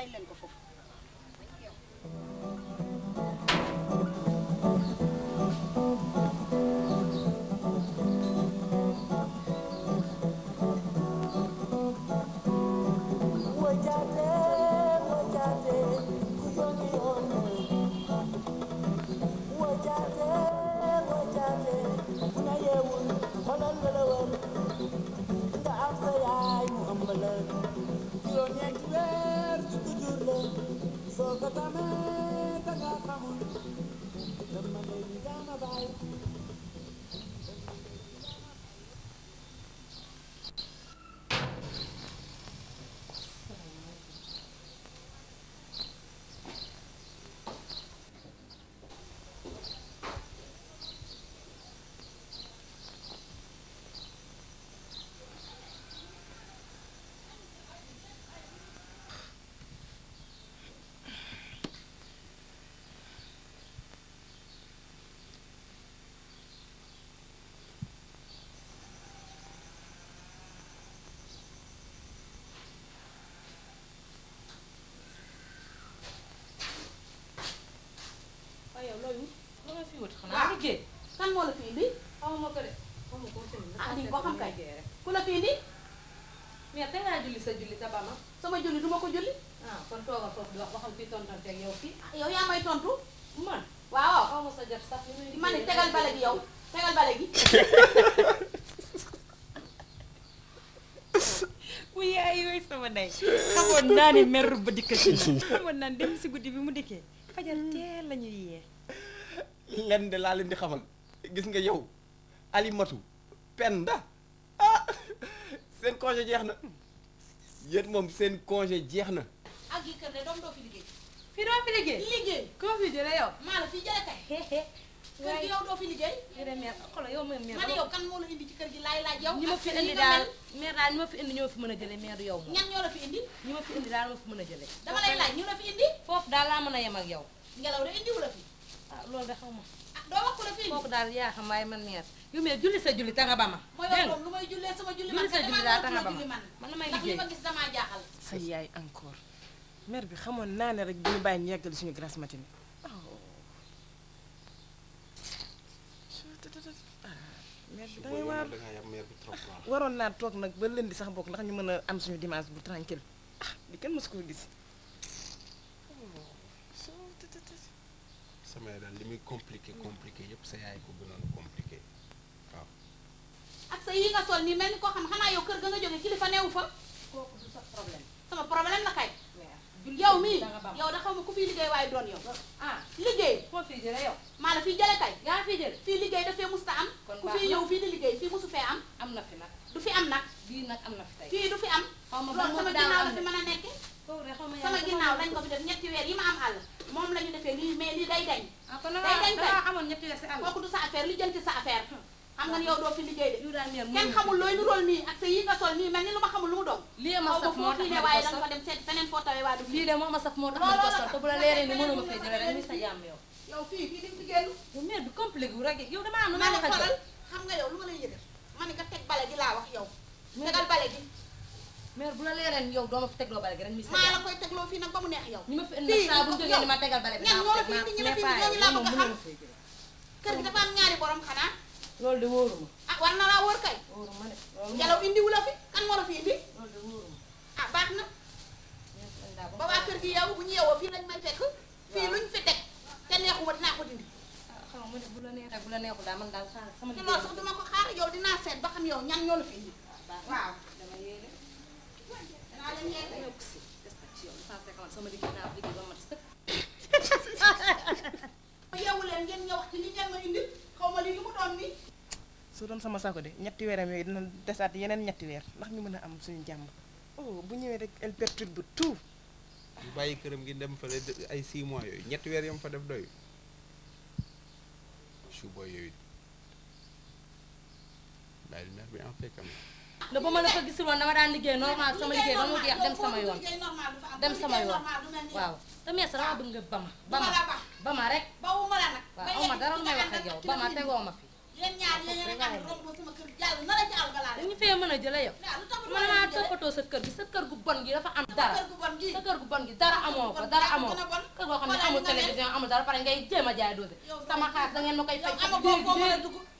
bàyyi leen ko foofu kan moo la fi indi. xawma oh, ko de xawma oh, ko tamit. ah ko xam kay ku la fi indi. mais tey laa julli sa julli sa sama julli ko julli. ah kon toogal foofu di wax waxal fii tontanteeg yow fii. yow yaa may tontu. man waaw xawma sa jot sax. ma ne tegal bale gi yow tegal gi. yaay sama ndey xamoon naa ne ba dikkati dem si guddi bi mu dikkee fajal teel la leen di xamal. gis nga yow alimatu penda ah seen congé jeex na yéen moom seen congé jeex na. ak yi kër de doom doo fi liggéey. fii doo fi liggéey. liggéey koo fi jëlee yow. maa la fi jëlee kay. kër gi yow doo fi liggéey. yow mère. ma kan moo la indi ci kër gi laay laaj yow. ñi ma fi indi daal ma fi mën a jëlee mère yow moom. ñan ñoo la fi indi. ñi ma fi indi daal ñoo fi mën a jële dama lay laaj ñu la fi indi. foofu daal laa mën a yem ak yow. ngelaw de indiwu la fi. Ah, loolu de xaw ma doo wax ko la fii yu mel julli sa julli tanga ba ma mooy loolu lu may jullee sama julli man sa julli laa tanga ba ma encore mère bi xamoon naa ne rek bu ñu bàyyi ñu yàggali suñu grasse matinée oh. dangay waar waroon naa toog nag ba lëndi sax bokk ndax ñu mën am suñu dimanche bu tranquille ah kenn mësu ko gis sama yaay daal li muy compliqué compliqué yépp sa yaay ko gënoon compliqué waaw. ak sa yi nga sol nii mel ni koo xam xanaa yow kër ga nga jóge kilifa newu fa. kooku du sa problème. sama problème la kay. yow mii yow da xaw ma ku fi liggéey waaye doon yow. Ah. liggéey. maa la fii jële kay. yaa fi jële fii liggéey dafee musta am. ku fi ñëw fii di liggéey fii musu fee am. am na fi nag. du fi am nag. bii nag am na fi tey. fii du fi am. ma sama ginnaaw la fi mën a nekkee sama ginnaaw dañ ko fi def ñetti weer yi ma am àll moom la defee lii mais lii day ah, dañ day dañ dañ kooku du sa affaire li jënti sa affaire hmm. xam nga ni yow doo fi liggéey de kenn xamul looy nu rool nii ak sa yi nga sol nii mel ni lu ma xamul lu mu doon lii ma saf moo tax ma waaye dañ ko dem seet feneen foo tawee waa du lii moo ma moo tax ma ko sol te bu la leeree ni mënuma teg bale gi laa wax yow tegal bale gi mère bu la leereen yow doo fi tegloo bale gi rek mi maa la koy tegloo fii nag ba mu neex yow ñi ma fi indi saa bu jógee ni ma tegal ñoo la fi indi ñi la fi indi ñooñu laa bëgg xam kër gi dafa am ñaari borom xanaa loolu de wóoruma ah war na laa wóor kay wóoruma de ngelaw indi wu la fi kan moo la fi indi loolu de wóoruma ah baax na ba waa kër gi yow bu ñu yeewoo fii lañ may fekk fii luñ fi teg te neexuma dinaa ko dindi xaw ma bu la neexee bu la neexul man daal loolu sax duma ko xaar yow dinaa seet ba xam yow ñan ñoo la fi indi waaw dama yéene su doon sama saako de ñetti weeram yooyu dina desaat yeneen ñetti weer ndax ñu mën a am suñu jàmm oh bu ñëwee rek elle perturbe tout. bàyyi këram ngi dem fële ay 6 yooyu ñetti weer yoom fa def doy. su booy yooyu daal mer bi en fait quand ne ba ma la fa gisul woon dama daan liggéey normal sama liggéey ba mu jeex dem sama yoon dem sama yoon waaw te mees dama bëgg nga bama bama bama rek waaw aw ma dara lu may wax ak yow bama tegoo ma fi dañu fee mën a jële yow man maa toppatoo sa kër gi sa kër gu bon gi dafa am dara sa kër gu bon gi dara amoo ko dara amoo ko kër goo xam ne amul télévision amul dara pare ngay jéem a jaay doose sama xaar da ma koy fay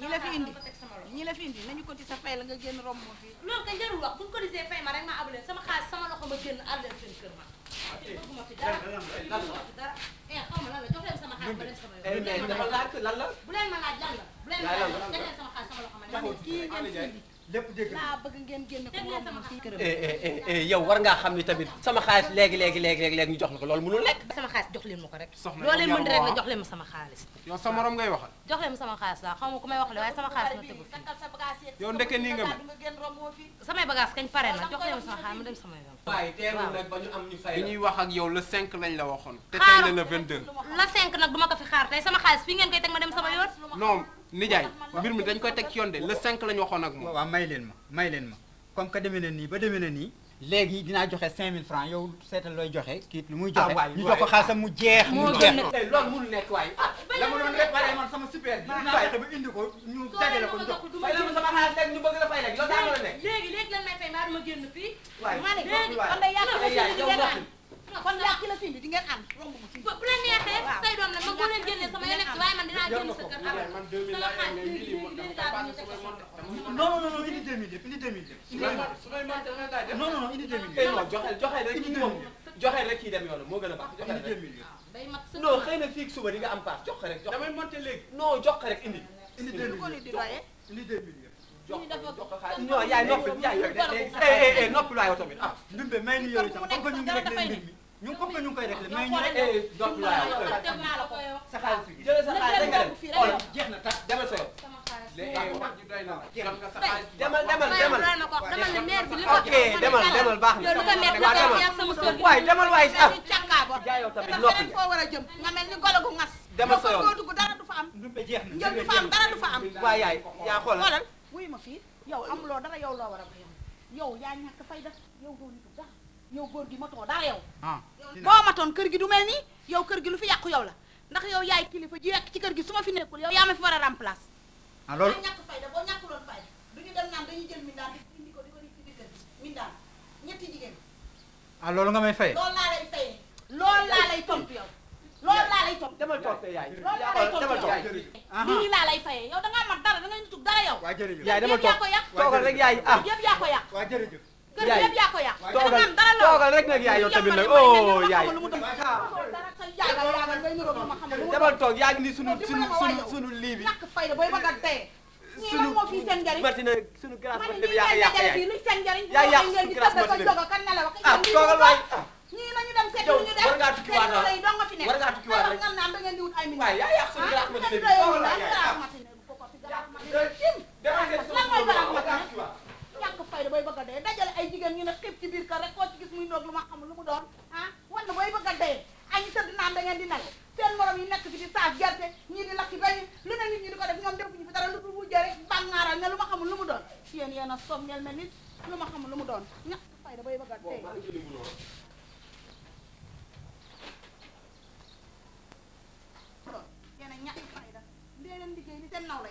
ñi la fi indi ñi la fi indi nañu ko ci sa fay la nga génn romb ma fii. loolu nga wax bu ñu ko disee fay ma rek ma abule sama xaalis sama loxo ma génn àll leen seen kër ma. waaw ah, tey bëgguma fi eh, la sama xaalis sama eh, yoon. bu leen ma laaj lan la bu leen ma laaj lan la bu leen sama xaalis sama loxo ma leen. kii ngeen fi lépp dégg naa bëgg moom eh, eh, eh, war ngaa xam ni tamit sama xaalis léegi léegi léegi léegi léegi ñu jox la ko loolu mënul nekk sama xaalis jox leen ma ko rek loo leen mën rek la jox leen ma sama xaalis yow sa morom ngay waxal sama xaalis waaw xaw ma ku may waxale waaye sama xaalis ma tëggu fi nii nga ma samay bagage kañ pare nag jox leen ma sama xaalis ma dem sama yoon wax ak yow le la waxoon te tey la le 22 le 5 sama xaalis fii ngeen koy nijaay mbir mi dañ koy teg ci yoon de le 5 la ñu waxoon ak moom. waaw may leen ma may leen ma comme que demee na nii ba demee na nii. léegi dinaa joxe mille francs yow seetal looy joxe kii lu muy joxe. Ah, ñu jox ko xaalisam mu mu jeex tey loolu mënul nekk waaye. Ah, la ma doon réparé man sama super bi. dinaa fexe ba indi ko ñu dajale ko jox fay la ma sama xaalis léegi ñu bëgg may fay maa dama génn fii. kon yaa ki la fi indi di ngeen ànd romb ma fi bu la neexee say doom la man boo leen génnee sama yoon nekk si waaye man dinaa génn sa kër am sama xaalis non non non indi deux mille yëpp indi deux mille yëpp non non indi deux mille yëpp non joxe joxe rek kii moom joxe rek kii dem yoonu moo gën a baax joxe rek non xëy na fii suba di nga am paas jox rek jox damay monter léegi non jox rek indi indi deux mille indi deux mille jox ko xaalis non yaay noppi yaay noppi waaye tamit ah ndumbe may ni yow itam ko ñu ngi rek leen mbir mi ñu ngi comme que ñu ngi koy réglé mais ñu ne. donc laa sa xaalis bi sa xaalis nga dem xool jeex na tax demal sa yoon. léegi wax ji doy na la. demal demal demal ok demal demal baax na waaye demal waaye ah. jaayoo tamit noppi demal sa yoon waaye yaay yaa xoolal. wuyu ma fii yow amuloo dara yow loo war a yow yaa ñàkk fayda yow yow goor gi matoo dara yow. Ah, bo maton kër gi du melni yow kër gi lu fi yakku yow la ndax yow yaay kilifa ji yak ci kër gi suma fi nekkul yow yaa ma fi war a remplacer. ah loolu ñàkk fayda boo ñàkkuloon fayda du ñu dem naan dañuy jël mindaan di indi ko diko ko ci biir kër gi mindaan ñetti jigéen. ah loolu nga may fay. loolu la lay fay loolu la lay tontu yow. loolu la lay tontu demal tontu yaay. loolu la lay tontu yow ah lii la lay fay yow da nga mat dara da nga ñu tuk dara yow. yaay demal tontu yëpp yaa rek yaay ah yeb yaa ko wa waa jërëjëf yaay toogal toogal rek nag yaay yow tamit nag oh yaay. demal toog yaa ngi ni sunu sunu sunu sunu lii bi. sunu matina sunu glace matina bi yaa ngi yàq yaay yaa ngi yàq sunu glace matina bi ah toogal waay ah. yow war ngaa tukki waat ah war ngaa tukki waat rek waay yaa yàq sunu glace ah, matina bi toogal waay yaay ah. ñàkk fayda bay bëgg a dee dajale ay jigéen ñu ne xib ci biir kër rek ci gis muy lu ma xamul lu mu doon ah wan na bëgg a dee añu tëdd naan da ngeen di nelaw seen morom yi fi di saaf di lakki bañ lu ne nit ñi di ko def ñoom defuñu fi dara lu dul wujjee rek lu ma lu mu doon yéen yéen a sob mel nit lu ma lu mu doon ñàkk fayda bay bëgg liggéey ni seen naw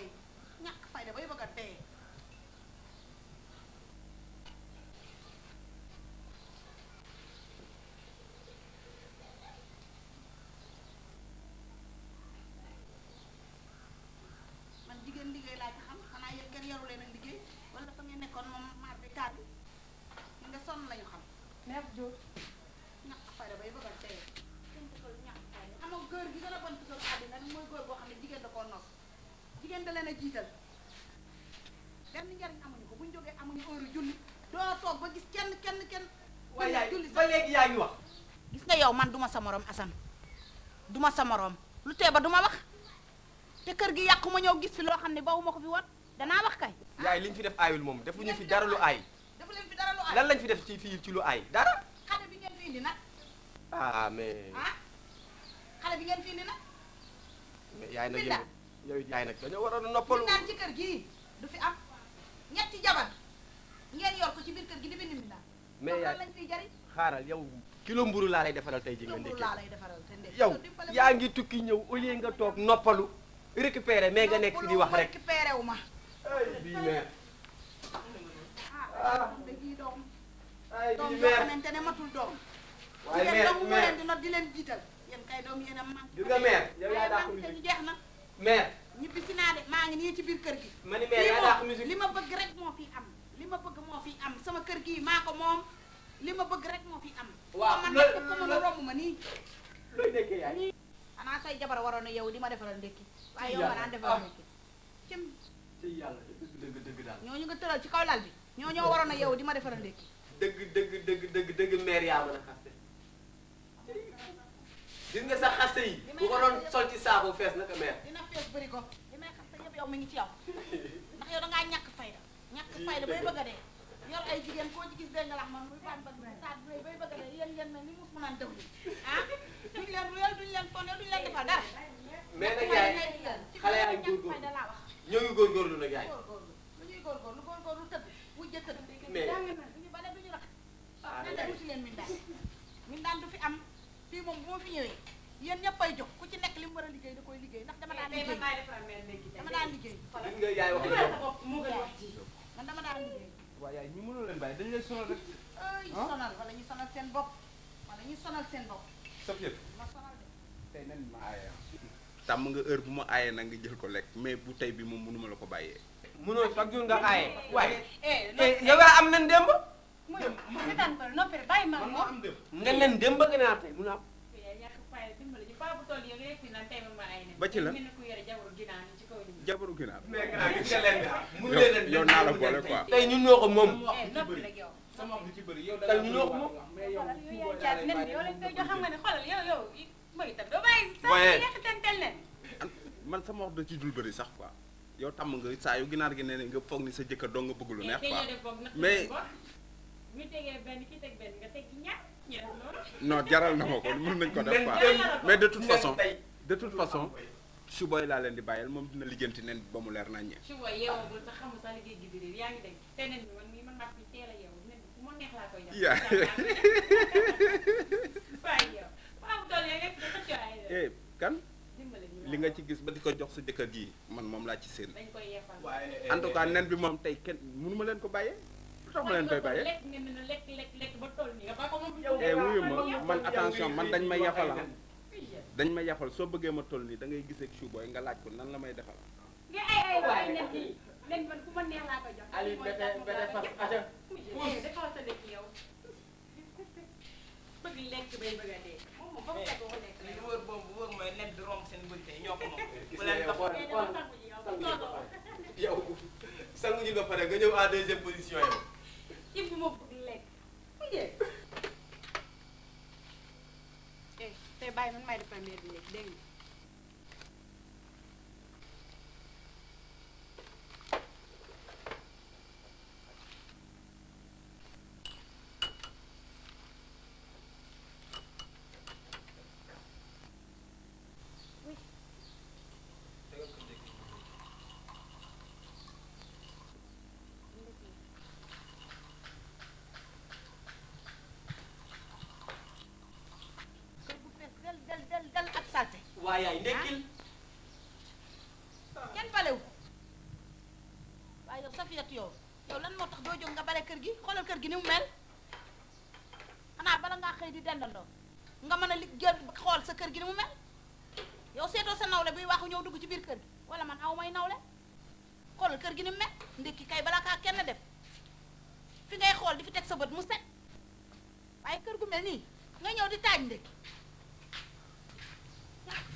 ngeen da leen a amuñu ko buñ jógee amuñu heure julli doo toog ba gis kenn kenn kenn waaye julli ba léegi yaa wax gis nga yow man duma sa morom asan duma sa morom lu tee ba duma wax te kër gi yàqu ma gis fi bawuma ko fi wax kay yaay liñ fi def fi dara lu defu leen fi dara lu lan lañ fi def ci ci lu dara bi ngeen fi indi ah mais ah? bi ngeen fi indi yaay yow jaay nag dañoo waroon a noppalu naan ci kër gi du fi am ñetti jabar ngeen yor ko ci biir kër gi di bind mi naan mais yaa lañ yow kilo mburu laa lay defaral tey ji nga ndékki laa lay defaral te ndékki yow yaa ngi tukki ñëw au lieu nga toog noppalu récupérer mais nga nekk fi di wax rek récupérer wu ay ah dëgg ah. doom ay bii meer doom matul doom waaye meer meer di leen jiital yéen kay doom yéen man nga yow yaa jeex na mère. ñibbisi naa de maa ngi nii ci biir kër gi. ma ni mère yaa li ma bëgg rek moo fi am li ma bëgg moo fi am sama kër gi maa ko moom li ma bëgg rek moo fi am. waaw man nag ku ma romb ma nii. looy nekkee yaay. xanaa sooy jabar waroon a yow di ma defaral ndékki. waaye yow ma naan defaral ah. ndékki. cëm ci yàlla dëgg dëgg daal. ñooñu nga tëral ci kaw lal bi ñoo ñoo waroon a yow di ma defaral ndékki. dëgg dëgg dëgg dëgg dëgg yaa ma naka. gis nga sa xasse yi bu ko doon sol ci saabu fees naka meer dina fees bëri ko li may xasse yëpp yow mi ngi ci yow ndax yow da ngaa ñàkk fayda ñàkk fayda bay bëgg a dee yor ay jigéen koo ci gis dégg nga man muy baan bëgg saat bu bay bëgg a dee yéen ni mus mu naan dëwli ah duñ leen wéel duñ leen fone duñ leen defal dara mais nag yaay xale yaa ngi góorgóorlu ñoo ngi góorgóorlu nag yaay lu ñuy góorgóorlu lu tëdd wujje tëdd mais duñu bale duñu rax na def ci leen min daan min daan du fi am fii moom boo fi ñëwee yéen ñëppay jox ku ci nekk li mu war a liggéey da koy liggéey ndax dama daan liggéey dama daan liggéey nga yaay wax man dama daan liggéey waaw yaay ñu leen ah? sonal seen bopp wala ñu sonal seen bopp saf ma sonal nga heure bu ma aaye nag nga jël ko lekk mais bu tey bi moom mënuma la ko bàyyee mënoo chaque jour nga aaye waaye yow am nan démb mu yëg mu seetaan ko noppi nga leen dem ba gën a tey mu ne ah. ba ci la. jabaru ginaar. yow naa la boole quoi. tey ñun ñoo ko moom. Eh, tey ñun ñoo ko moom. man sama wax da ci dul bëri sax ko yow tam nga saa yu ginaar gi ne nga foog ni sa jëkkër doo nga bëgg lu neex eh, quoi mais. non jaral na ma ko mën nañ ko def pas mais de toute façon de toute façon suboy la len di bayal mom dina lijeenti nen ba mu leer nañ ñe suboy bu sax xamul sax liggéey gi di réer yaa ngi dégg bi man mii man maa fi teel a nen bi mo neex la koy def ya. yaa waaye yow ba am doole da ko cooy eh kan li nga ci gis ba diko jox sa jëkkër gi man mom la ci seen dañ koy yeefal en tout eh, cas eh. nen bi mom tay ken mënuma len ko bàyyee tax ma leen koy bàyyee eh wuyu ma man attention man dañ may yafal ah. dañ may yafal soo bëggee ma tol nii da ngay gisee chou nga laaj ko nan la may defal. nga ay ay waay nekk nii léegi man ku ma neex laa ko jox. nekk yow bëgg lekk bay bëgg a ko lekk. li eh, wër boobu wër mooy nekk di romb seen bëri tey ñoo ko moom. nga ñëw à deuxième position yow. yëpp ma bëgg lekk mu jeex eh tey bàyyi man may defar leer bi léegi dégg waa yaay ndekkil ah. kenn balewu waaye yow Safiyat yow yow lan moo tax doo jóg nga bale kër gi xoolal kër gi ni mu mel xanaa bala ngaa xëy di dendandoo nga mën a li jël xool sa kër gi ni mu mel yow seetoo sa nawle buy waxu ñëw dugg ci biir kër gi wala man aw may nawle xoolal kër gi ni mu mel ndekki kay bala kaa kenn def fi ngay xool di fi teg sa bët mu set waaye kër gu mel nii nga ñëw di taaj ndekki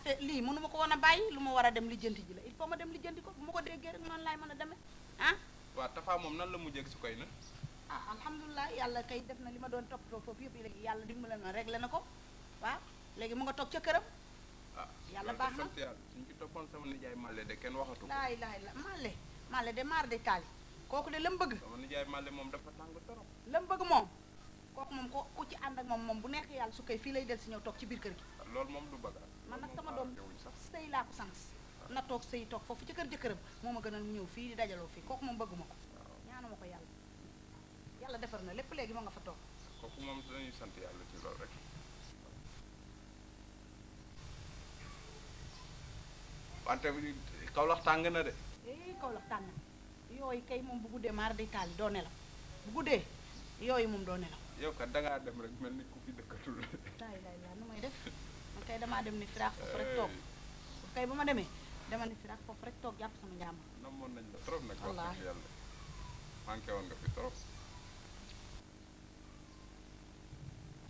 affaire lii mënu ma ko woon a bàyyi lu ma war a dem lijjanti ji la il faut ma dem lijjanti ko bu ma ko déggee rek noonu laay mën a deme ah. waaw Tafa moom nan la mujjee su koy na ah alhamdulilah yàlla kay def na li ma doon toppatoo foofu yëpp léegi yàlla dimbale na réglé na ko waaw léegi mu nga toog ca këram. Ah, yàlla baax na waaw suñ ci toppoon sama nijaay Malle de kenn waxatu ko. laay laay la Malle Malle de maar de taali kooku de la mu bëgg. sama nijaay Malle moom dafa tàng torop. la mu bëgg moom kooku ko ku ci ànd ak moom nekk yàlla su koy fii lay del si ñëw toog ci biir kër gi. loolu moom du bëgg man nag sama doom sëy laa ko sans na toog sëy toog foofu ci kër jëkkëram moo ma gënal mu ñëw fii di dajaloo fii kooku moom bëgguma ko ñaanuma ko yàlla yàlla defar na lépp léegi ma nga fa toog kooku moom dinañu sant yàlla ci loolu rek wante Kaolack tàng na de eh tàng na yooyu kay moom bu guddee maar day doo nelaw bu guddee yooyu moom doo nelaw yow kat dangaa dem rek mel ni ku fi dëkkatul laay laay laa nu may def kay dama dem ni firaax foofu rek eh. tok kay buma demé dama ya? ni firaax foofu rek tok ya, japp sama njaam namoon nañ la trop nak wax ci yalla manké won nga fi trop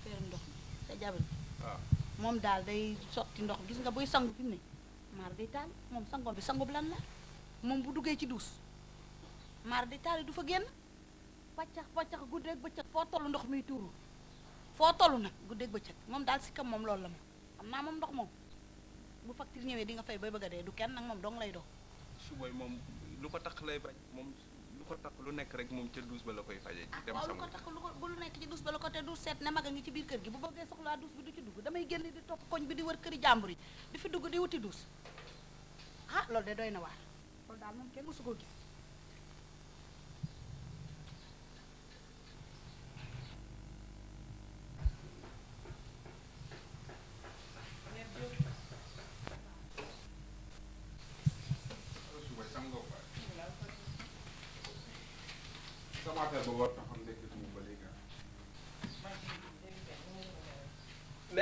fer ndox sa jabal mom dal day soti ndox gis nga buy sangu fi mu ne maar day taal moom sangoom bi sangu lan la mom bu duggé ci dous maar day taal du fa génn paccax paccax ak bëccëg fo tollu ndox miy tuuru foo toll nag guddeeg bëccëg moom daal si kam mom nah, lolou la xam naa moom ndox moom bu facture ñëwee di nga fay bay bëgg a dee du kenn nag moom dong lay dox. su moom lu ko tax lay bañ moom lu ko tax lu nekk rek moom ca douche ba la koy fajee. dem ah, ko tax lu ko ci douche ba la ko te du seet ne mag a ngi ci biir kër gi bu bëggee soxlaa douche bi du ci dugg damay génn di topp koñ bi di wër këri jàmbur yi di fi dugg di wuti douche ah loolu de doy na waar loolu daal moom kenn mësu ko gis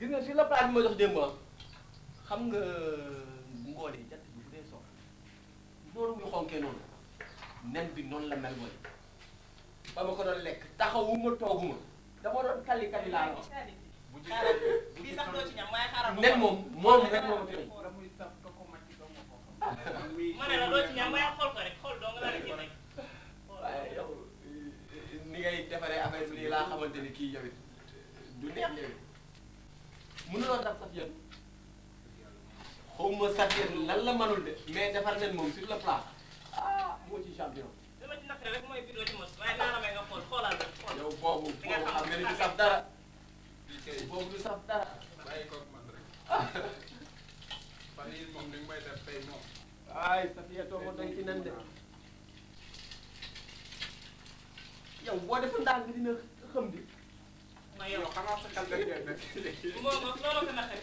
gis nga si la plat bi ma jox démb xam nga euh, ngoole jant bi fu dee sox noonu muy xonkee nen bi noonu la mel mooy ba ma ko doon lekk taxawuma tooguma dama doon kali bu ji bii sax doo ci ñam waaye xaaral nen moom moom rek moom tey la ni ngay defaree affaire bi lii laa xamante ni kii yow it du mënuloo daf saf yéen xaw ma saf yéen lan la mënul de mais defar nañ moom sur le ah, moo ci la may nga xool xoolal la xool. yow boobu boobu m nga ni du saf dara. boobu du saf dara. bàyyi ko man rek. moom ni nga def tey moom. ay saf yéen toog ma doy ci nen de. yow boo defoon daal nga dina ma yow xanaa sa xel dañ koy def léegi. moom moom looloo ko naqari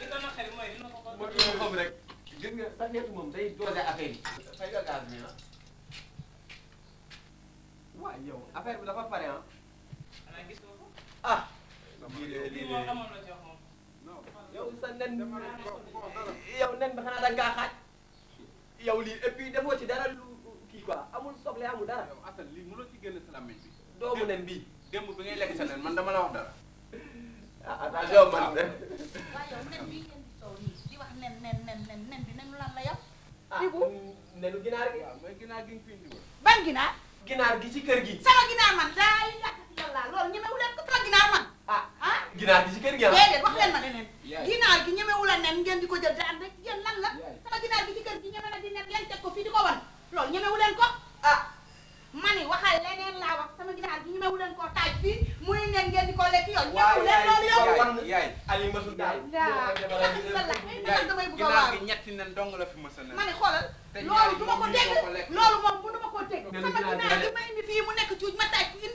li ko naqari mooy dina ko ko. dina bi ah. yow affaire bi dafa pare ah. gis nga ko. Ah. de lii na jox moom. yow sa nen bi xanaa da nga xaaj. yow lii et puis defoo ci dara kii quoi amul soble amul dara. yow Assane lii mënoo ci génn sa bi. doomu nen bii. démb bi ngay lekk sa nen man dama la wax dara. ah attention man de. nen bi nen nen nen nen bi nenu lan la yow. ah nenu ginaar gi. waaw mooy ginaar gi nga fi indi woon. ban ginaar. ginaar gi ci kër gi. sama ginaar man daay lakk yàlla loolu ñemewu leen ko sama ginaar man. ah ah ginaar gi ci kër gi la. déedéet wax leen ma gi ñemewu gi ci kër gi ñeme na di nen ngeen teg ko fii di ko wan loolu ñemewu leen ko ah. mani waxal leneen laa wax sama ginaar gi ñu mewu leen koo taaj fii muy ne ngeen di ko lekk yow ñëw leen loolu yow yaay ali masul daal damay a ñetti nen dong la fi mës a nen mani xoolal loolu du ko dégg loolu moom bu du ko dégg sama ginaar gi indi fii mu nekk cuuj ma taaj fii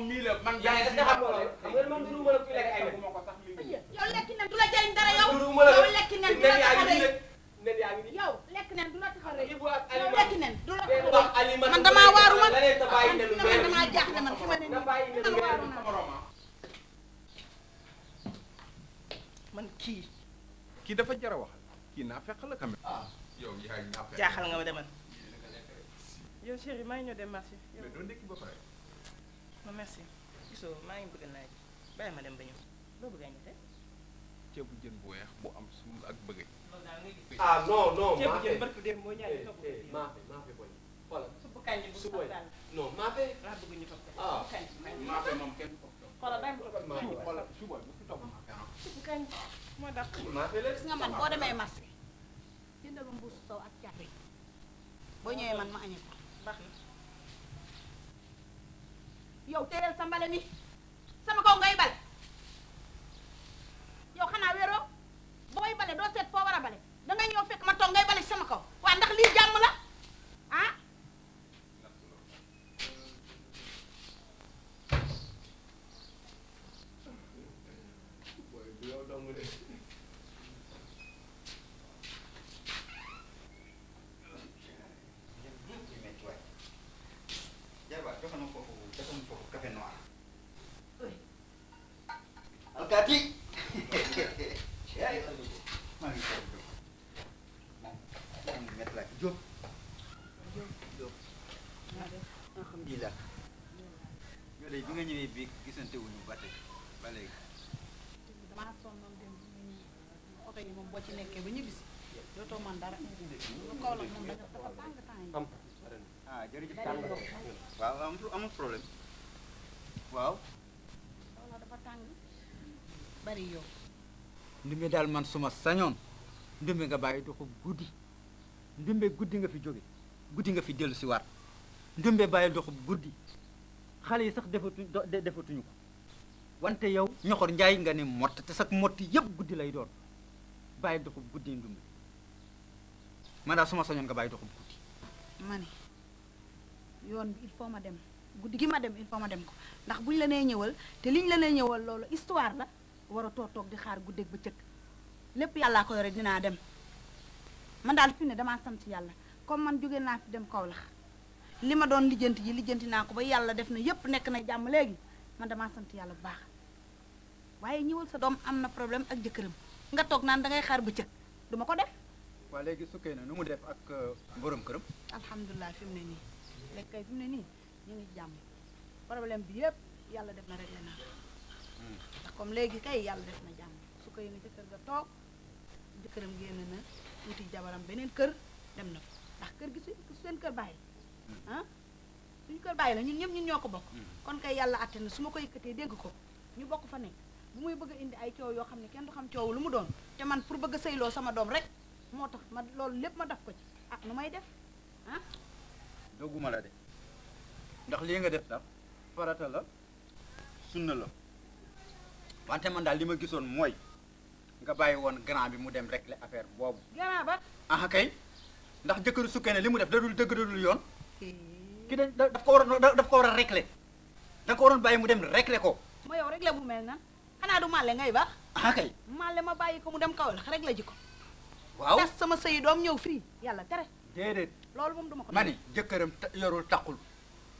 moom mii la man. yaa ngi xam nga moom du ma la kuy lekk ay lekk. yow a a a rëy. man damaa waaru man man kii. kii dafa jar a wax kii naa fekk la quand même. Ah, yow yaa ngi naa fekk jaaxal nga ma demal. yow chérie maa ngi dem marché. non merci gisoo maa ngi bëgg laaj bàyyi ma dem ba ñëw loo bëgg a ñëw ceebu am sul ak bëgg ah non non ceebu jën barki dem moo ñaari topp maa fe maa fe boy voilà supp kanji bu tan. non maa fe Ra bëgg ñu topp ah maa fe moom kenn xoola bàyyi ma topp maa bu topp maa fe nga man marché ak Bo man ma yow téyel sa mbale mi sama kaw ngay bale yow xanaa wéroo booy bale doo seet foo war a bale dangay ñëw fekk ma toog ngay bale sama kaw waa ndax lii jàmm la ah ci ba ah waaw problème waaw dafa bari ndimbe man suma ndimbe nga bàyyi doxu guddi ndimbe guddi nga fi guddi nga fi ndimbe guddi yi sax defatuñu ko wante yow ñoxor nga te sax mot guddi lay bàyyi doxub guddi ndumbe man daal suma sañoon nga bàyyi doxub guddi ma ne yoon bi il faut ma dem guddi gi ma dem il faut ma dem ko ndax buñ la nee ñëwal te liñ la nee ñëwal loolu histoire la war a toog toog di xaar guddeeg bëccëg lépp yàllaa ko yore dinaa dem man daal fii ne damaa sant yàlla comme man jóge naa fi dem Kaolack li ma doon lijjanti ji lijjanti naa ko ba yàlla def na yépp nekk na jàmm léegi man damaa sant yàlla bu baax waaye ñëwal sa doom am na problème ak jëkkëram nga toog naan dangay xaar bëccëg du ma ko def. waaw léegi sukkee na nu mu def ak euh, borom këram. alhamdulilah fi ne nii léegi kay fi ne nii ñu ngi jàmm problème bi yëpp yàlla def na rek la ndax comme léegi kay yàlla def na jàmm su ko yéene kër toog jëkkëram génn na wuti beneen kër dem na ko kër gi su seen kër bàyyi hmm. ah suñu kër bàyyi la ñun ñëpp ñun ñoo ko bokk hmm. kon kay yàlla àtte na su ma ko yëkkatee dégg ko ñu bokk fa nekk bu muy bëgg indi ay coow yoo xam ne kenn du xam coow lu mu doon te man pour bëgg a sëyloo sama doom rek moo tax ma loolu lépp ma daf ko ci ah nu may def ah dogguma la de ndax lii nga def sax farata la sunna la wante man daal li ma gisoon mooy nga bàyyi woon grand bi mu dem rekle affaire boobu grand ba ah kay ndax jëkkëru sukkee ne li mu def dadul dëgg yoon eh. ki da daf ko waroon daf ko war a régler da nga ko waroon bàyyi mu dem rekle ko ma yow régler bu mel na xanaa du malé ngay eh, ba ah kay màlle ma bayiko mu dem kawal rek la ji waw waaw sama sey doom ñew fii yalla téré dédét lolou mom duma ko mani jëkkëram yorul takul,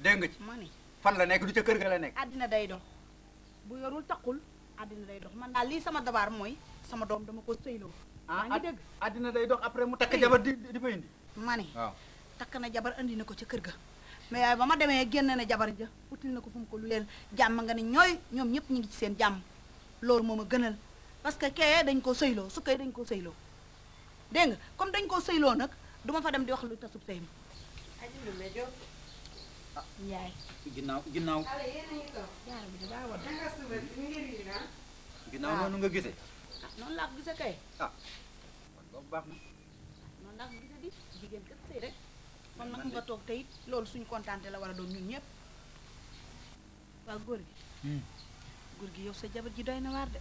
dégg nga ci mani fan la nek du ci kër ga la nek adina day dox bu yorul takul, adina day dox man daal sama dabar moy sama doom dama ko seylo ah ngi dégg day dox après mu tak jabar di di bayindi mané mani Tak na jabar andi nako ci kër ga mais ay bama démé demee na jabar ja util nako fum ko lu len jam nga ni ñoy ñom ñep ñi ngi ci seen jam loolu moom a gënal parce que kee dañ ko sëyloo su kay dañ ko sëyloo dégg nga comme dañ ko sëyloo nag duma fa dem di wax lu tasub sëy ma yaay ginnaaw ginnaaw ginnaaw noonu nga gisee ah, noonu laa ko gisee kay ah noonu laa ko gisee di jigéen kat sëy rek ah, kon nag nga toog tey loolu suñu kontaante la war a doon ñun ñëpp góor gi yow sa jabar ji doyna war de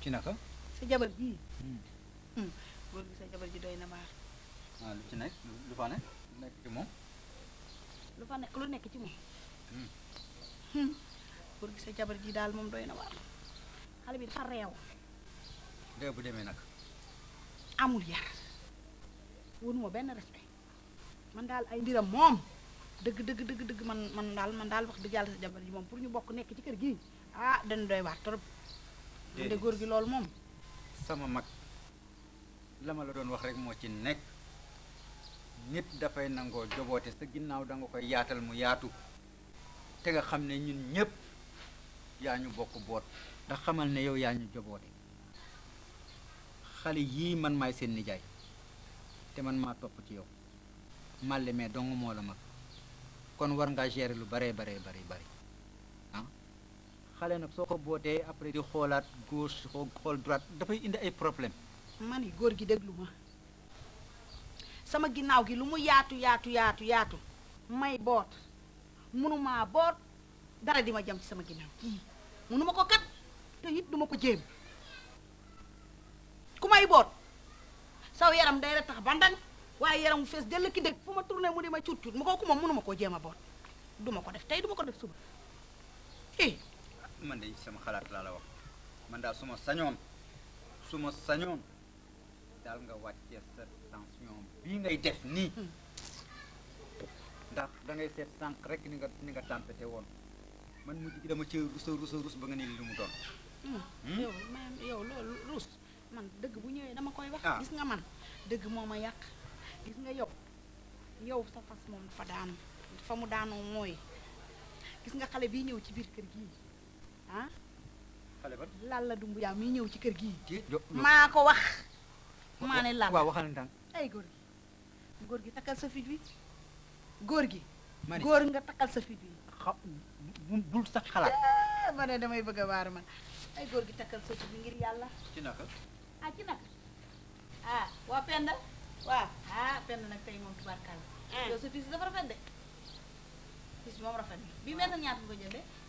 ci naka sa jabar ji hmm. Hmm. gi sa jabar ji doyna war ah lu ci Nek lu fa nek lu ci mom lu fa nek lu nek ci mom hmm. góor gi sa jabar ji dal mom doy war xale bi fa rew reew bu demee nak amul yar mo ben respect man dal ay mbiram mom deug deug deug deug man man dal man dal wax deug yalla sa jabar ji mom pour ñu bok nek ci kër gi ah dañu doy wax trop. man de góor gi loolu moom. sama mag la ma la doon wax rek moo ci nekk nit dafay nangoo joboote sa ginnaaw da nga koy yaatal mu yaatu te nga xam ne ñun ñëpp yaa ñu bokk boot ndax xamal ne yow yaa ñu joboote xale yii man may seen nijaay te man maa topp ci yow màlle mais dong moo la mag kon war ngaa gérer lu baree baree bari bari xale nak soko boté après di xolat gauche ko xol droite fay indi ay problème man yi gi degluma sama ginau gi lu mu yaatu yaatu yaatu yaatu may bot munuma bot dara di ma jam ci sama ginau. Muno munuma ko kat te yit duma ko jëm ku may saw yaram day tax bandan waye yaram fess del ki dëkk fuma tourner mu di ma ciut cuut ma kooku moom mënuma koo jéem duma ko def tay duma ko def suba eh man day sama xalaat la la wax man daal suma sañoon suma sañoon daal nga wàccee sa tension bi ngay def nii ndax da ngay seet sànq rek ni nga ni nga tàmpete woon man mujj gi dama ci rusa rusa rus ba nga ni lu mu doon yow man yow loolu rus man dëgg bu ñëwee dama koy wax ah. gis nga man dëgg moo ma yàq gis nga yow yow sa fas moom fa daanu fa mu daanoo mooy gis nga xale bii ñëw ci biir kër gii ah xale ban lalla dumbu yaa mi ñëw ci kër gi maa ko wax maa ne lalla waaw waxal ndànk ay góor gi góor gi takkal sa fit wi góor gi góor nga takkal sa fit wi bul ma damay bëgg waar man ay góor gi takkal sa fit ngir yàlla ci naka ah ci naka ah waa penda waa ah penda nag tey moom tubaarkàlla ah. yow sa fils dafa rafet de fils moom rafet bi nga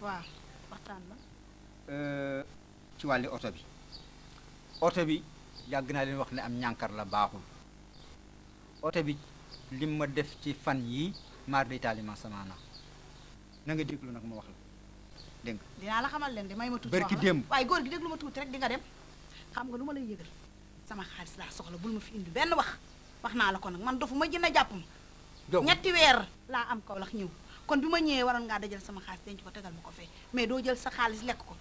waaw waxtaan ba. Euh, ci wàlli oto bi oto bi yàgg naa leen wax ne am ñànkar la baaxul oto bi lim ma def ci fan yii maar day taalima sama na na nga déglu nag ma wax la dégg nga. dinaa la xamal leen di may ma tuuti wax la barki démb waaye góor gi déglu ma tuuti rek di nga dem xam nga lu ma lay yëgal sama xaalis laa soxla bul ma fi indi benn wax wax naa la ko nag man dofu ma jënd jàpp ma. ñetti weer laa am kaw lax ñëw. kon bi ma ñëwee waroon ngaa dajal sama xaalis dañ ko tegal ma ko fee mais doo jël sa xaalis lekk ko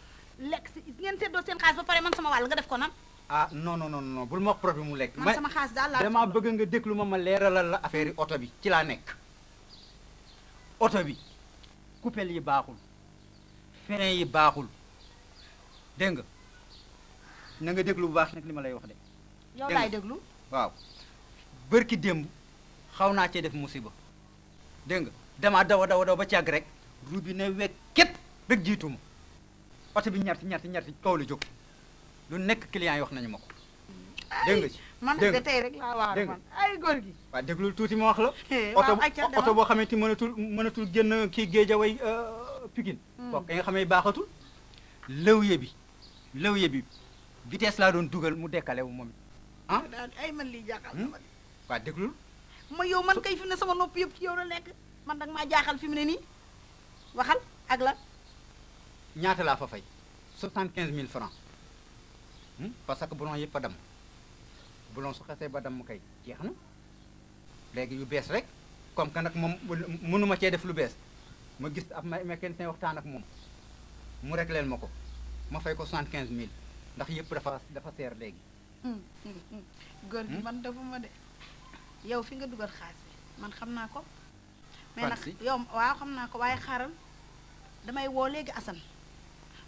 lekk si ngeen seddoo seen xaalis ba pare man sama wàll nga def ko nan ah non non non bul ma wax mu lekk. man sama xaalis daal laa dama bëgg nga déglu ma ma leeralal la affaire oto bi ci laa nekk oto bi coupelle yi baaxul feren yi baaxul dégg nga na nga déglu bu baax nag li ma lay wax de. yow laay déglu waaw. bërki démb xaw naa cee def musiba dégg damaa daw a daw ba ci àgg rek na wekket rek jiitu ma oto bi ñarti ñarti ñarti kaw la jóg lu nekk client yi wax nañu ma ko. dégg nga ci man de tey rek laa waar man ay tuuti ma wax la. oto oto boo xamante ni mënatul mënatul génn kii géejaway euh, Pikine. kooku hmm. nga xam ne baaxatul. lëwye bi lëwye bi vitesse laa doon dugal mu dekkalewu wu moom ah. man lii jaaxal na hmm? ma. waaw déglul. ma yow man kay fi ne sama nopp yëpp ci yow la nekk. man dag ma jaaxal fi mu ne nii waxal ak la ñaata laa fa fay soixante quinze mille francs hmm? parce que boulon yëpp a damm boulon su xasee ba dam kay jeex na léegi yu bees rek comme que nag moom mënuma cee def lu bees ma gis ab mécanicien waxtaan ak moom mu rek leen ma ko ma fay ko soixante mille ndax yëpp dafa dafa seer léegi hmm, hmm, góor gi man ma de yow fi nga dugal xaalis bi man xam naa ko mais nag yow waaw xam naa ko waaye xaaral damay woo léegi Assane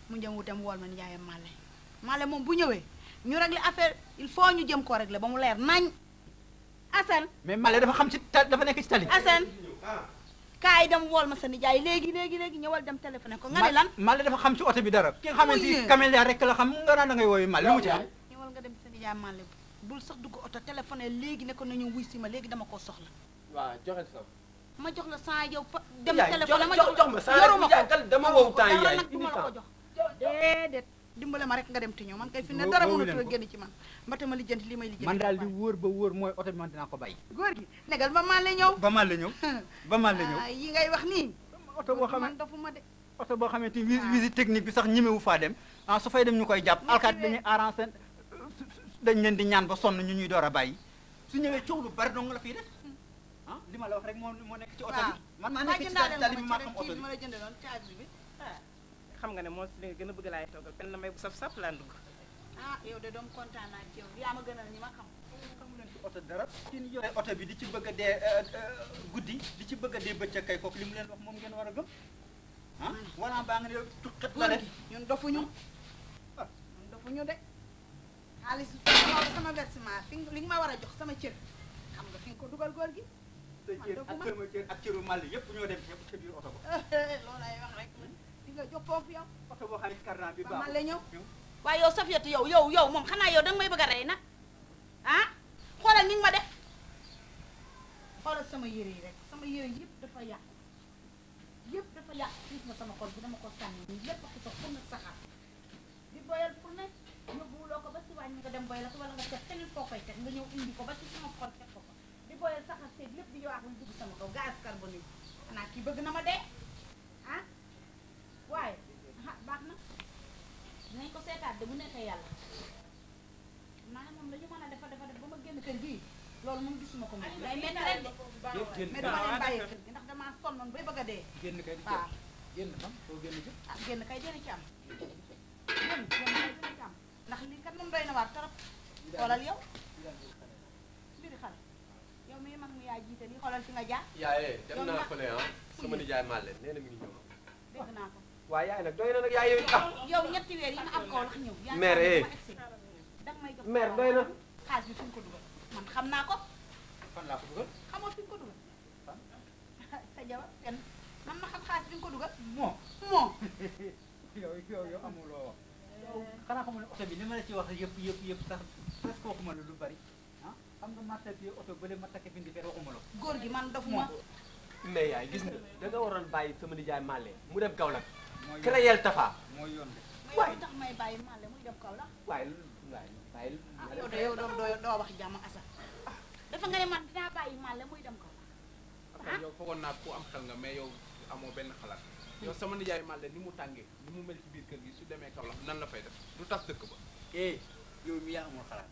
mu jëm wu dem wool ma njaayam Malle Malle moom bu ñëwee ñu réglé affaire il faut ñu jëm koo réglé ba mu leer nañ Assane mais Malle dafa xam ci dafa nekk ci tali Assane kaay dem wool ma sa nijaay léegi léegi léegi ñëwal dem téléphoné ko nga ne lan Malle dafa xam ci oto bi dara ki nga xamante ni camélia rek la xam nga naan da ngay wooyu Malle lu mu ci am ñëwal nga dem sa nijaay Malle bul sax dugg oto téléphoné léegi ne ko nañu wuy si ma léegi dama koo soxla waaw joxe sa ma jox la saa yow fa dem téléphone ma jox ma saa yoruma ko dama wow temps yaay indi dimbale ma rek nga dem te ñëw man kay fin ne dara mënut a génn ci man ba tama lijjanti li may lijjanti man daal di wóor ba wóor mooy oto bi man dinaa ko bàyyi góor gi negal ba maa la ñëw ba maa la ñëw ba maa la ñëw yi ngay wax nii oto boo xam ne man dafu de oto boo xamante ni ah. visite technique bi sax ñemewu faa dem ah su fay dem ñu koy jàpp alkaati dañuy arrangé euh, dañ leen di ñaan ba sonn ñu ñuy door a bàyyi su ñëwee coow lu bari dong la fii def ma la wax rek moo moo nekk ci oto bi man maa nekk ci tali bi maa xam oto bi ma la jëndaloon charge bi ah. xam nga ne moo li gën a bëgg laay toggal pen la may bu saf-saf laa dugg ah yow de doom kontaan naa ci yow yaa ma gënal ñi ma xam xamu leen ci oto dara kin yore oto bi di ci bëgg a dee euh, euh, guddi di ci bëgg a dee bëccëg kay kooku li mu leen wax moom ngeen war a gëm ah, ah. wala baa nga ne tuqat la rek ñun dofuñu ah. ñun dofuñu de xaalis sama versement fi li nga war a jox sama cër xam nga ko dugal góor gi sa cër ak sama cër ak yëpp ñoo dem yëpp ca biir eh, eh, di nga jox foofu yow oto boo xam ne carnet bi la ñëw waaye yow Safiatou yow yow yow moom xanaa yow danga may bëgg a rey nag ah xoolal ni nga ma def xoolal sama sama yére yëpp dafa yàq yëpp dafa yàq gis nga sama xol bi dama ko sànni lépp di boyal ko ba si wàññi nga dem boyal ko wala nga teg keneen foo koy teg nga ñëw indi ko ba si sama xol teg ko ko di boyal saxaar yo akong dugis sama kau gas karbonit. Anak ibu nama de. Ha? Why? Ha, bak na. kau ko seta de mune kay yalla. Mana mom lañu mana dafa dafa ba ma genn kër gi. Loolu mom gisuma ko mom. Day metti rek de. Mais dama leen bàyyi kër gi ndax dama son man bay bëgg a dee. Genn kay di ci am. Genn xam soo genn kay dina ci am. Genn kay dina ci am. Ndax na waar torop. Xoolal yow. ngaa jiite li xoolal fi nga jaar. yaayee eh, dem naa fële ah sama nijaay Malle nee na mi ngi ñëw. dégg naa ko. waaw yaay nag na nag yaay yooyu yow ñetti weer yi nga am koo ndax ñëw. yaa ngi eh. may doy na. xaalis bi fi nga ko dugal man xam naa ko. fan laa ko man xam xaalis ko dugal. moo moo. yow yow yow amuloo wax. xanaa xamul ne oto bi li ma la ci wax yëpp yëpp yëpp sax presque waxuma lu lu bari. am nga martapie oto bële ma takk bindi fee waxuma la góor gi man daf ma mais yaay gis nga da nga waroon bàyyi sama nijaay Malle mu dem Kaolack créel Tafa mooy yoon de waaye tax may bàyyi Malle muy dem Kaolack waaye waay bàyyi yow de yow doom doo doo wax jàmm asa dafa nga ne man dinaa bàyyi Malle muy dem Kaolack ah. yow foogoon naa ku am xel nga mais yow amoo benn xalaat yow sama nijaay Malle ni mu tàngee ni mu mel ci biir kër gi su demee la nan la fay def du tas dëkk ba eh yow mi yaa amul xalaat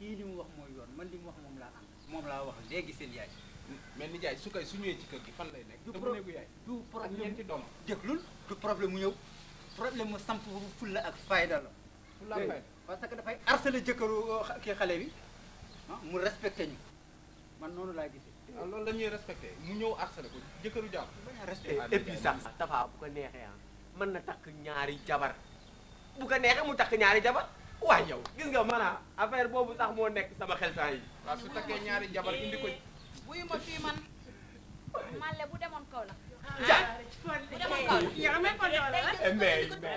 lii li mu wax mooy yoon man li mu wax moom laa am moom laa wax léegi seen yaay. mais nijaay su koy su ñëwee ci kër gi fan lay nekk. du problème yaay du problème ak ñeenti doom. déglul du problème mu ñëw problème mu samp fulla ak fayda la. fulla ak fayda parce que dafay harceler jëkkëru euh, kii xale bi ah, mu respecté ñu man noonu laa gisee. Ah, loolu la ñuy mu ñëw harcelé ko jëkkëru jàpp. respecté et puis sax. Tafa bu ko neexee ah mën na takk ñaari jabar bu ko neexee mu takk ñaari jabar. waaye yow gis nga maanaam affaire boobu sax moo nekk sama xel temps yi. waaw su takkee ñaari jabar indi ko. buy ma fii man. Malle bu demoon kaw la. ja bu demoon kaw la. yaa amee kaw la mais mais mais mais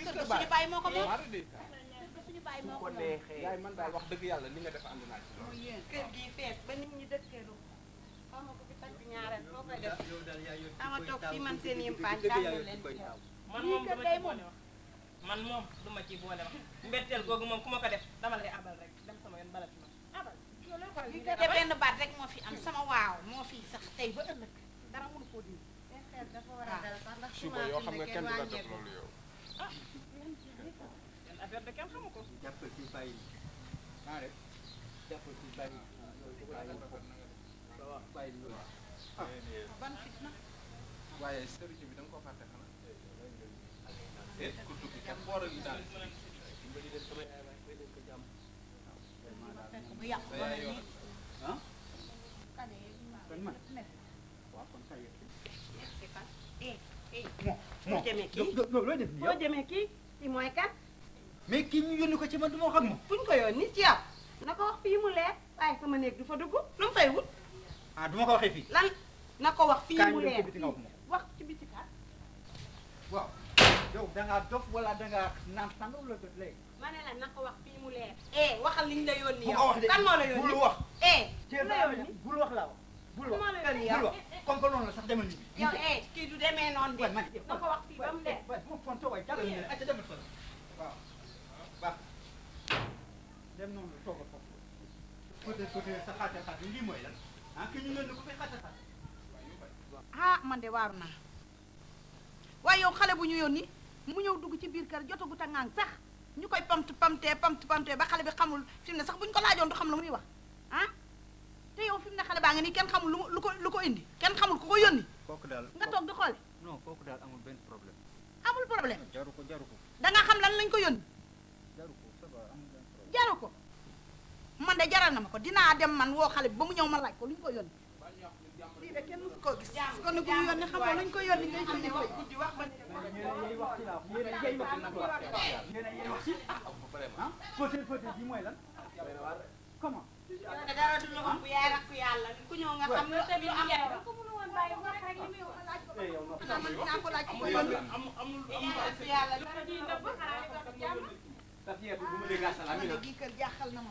mais mais mais mais bu ko neexee yaay man daal wax dëgg yàlla li nga def ànd naa ci loolu. kër gi fees ba nit ñi dëkkeelu ma ko fi takk def ama toog man seen yim paañ tàmbali leen man moom dama ci boole man moom du ma ci boole wax mbetteel moom ku ma ko dama lay abal rek dem sama ma abal li te benn baat rek moo fi am sama waaw moo fi sax tey ba ëllëg dara mënu koo dindi dafa a ah. dal sax ndax su yoo xam nga kenn du la def loolu yow ah. Non. de kenn xamu ko. mais kii mu yónni ko ci man du ma xam moom. fu ñu ko yónni ci yow. na ko wax fii mu leer waaye sama néeg du fa dugg lu mu fay wut. ah du ma ko fii. lan na ko wax fii mu leer wax ci biti ka waaw yow da ngaa dof wala da ngaa naan sànq wala dof léegi. ma ne la na ko wax fii mu leer. eh waxal liñ la yónni yow. kan moo la yónni bul wax eh bul la yónni bul wax la wax. bul wax bul wax comme que noonu la sax demal ni yow eh kii du demee noonu de. na ko wax fii dem noonu la toog sa xaate xaate lii mooy ah, ah man de waaru naa waaye yow xale bu ñu yónni mu ñëw dugg ci biir kër jotagut a ŋàng sax ñu koy pamt pamtee pamt pamtee ba xale bi xamul fi mu ne sax bu ñu ko laajoon du xam lu muy wax ah te yow fi ne xale baa nga nii kenn xamul lu ko lu ko indi kenn xamul ko ko yónni. kooku daal nga toog di xoole. kooku daal amul benn problème. amul problème jaru ko jaru ko. da lañ ko yónni. jaru ko man de jaral na ma ko dinaa dem man woo xale bi ba mu ñëw ma laaj ko lu ñu ko yónni lii de kenn mësu koo gis kon nag bu ñu yónni xamoo lu ñu ko yónni ngay suñu ko comment dara du ñu xam bu yaay rakku yàlla ku ñëw nga xam ne tamit am na ko mënu woon bàyyi wax rek li muy laaj ko man dinaa ko laaj ko yónni amul amul yàlla dara di nëbb bière kër jaaxal na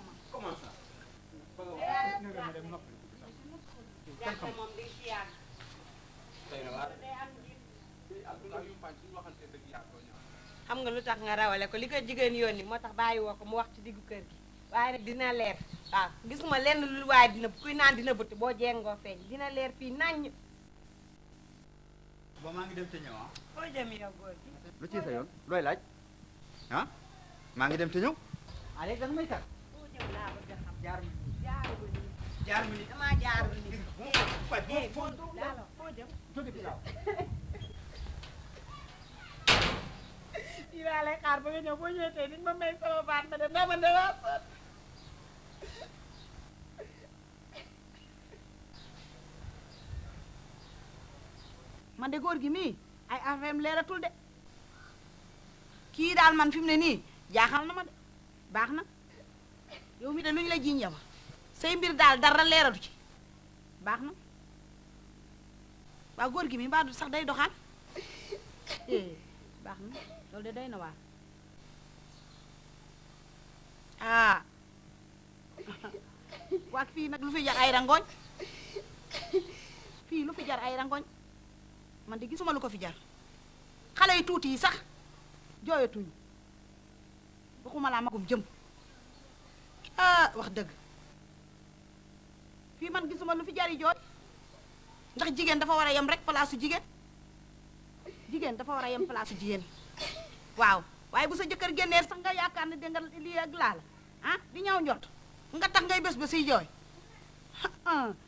xam nga lu tax nga rawale ko li ko jigéen yoon ni moo tax bàyyi woo ko mu wax ci diggu kër gi waaye nag dina leer waaw gisuma lenn lu waaye dina kuy naan dina bëtt boo jengoo feeñ dina leer fii naññ ngi dem te ñëw ah. lu ci yoon looy laaj ah. maa ngi dem te ñëw. allé danga may ba nga ñëw boo ñëwee tey ma may sama baat ma de góor gi mi ay affaire am leeratul de kii daal man fi ne nii. jaaxal na ma de baax na yow mi de lu ñu la jiiñ ma say mbir daal dara leeratu ci baax na waa góor gi mi mbaa sax day doxaan eh, baax na loolu de doy na waar ah waa fii nag lu fi jar ay rangoñ fii lu fi jar ay rangooñ man de gisuma lu ko fi jar xale yu tuuti yi sax jooyatuñu waxuma la magum jëm ah wax dëgg fii man gisuma lu fi jari jooy ndax jigéen dafa war a yem rek palaasu jigéen jigéen dafa war a yem palaasu jigéen waaw waaye bu sa jëkkër génnee sax nga yaakaar ne da nga lii ak laa la ah di ñaaw njort nga tax ngay bés ba siy jooy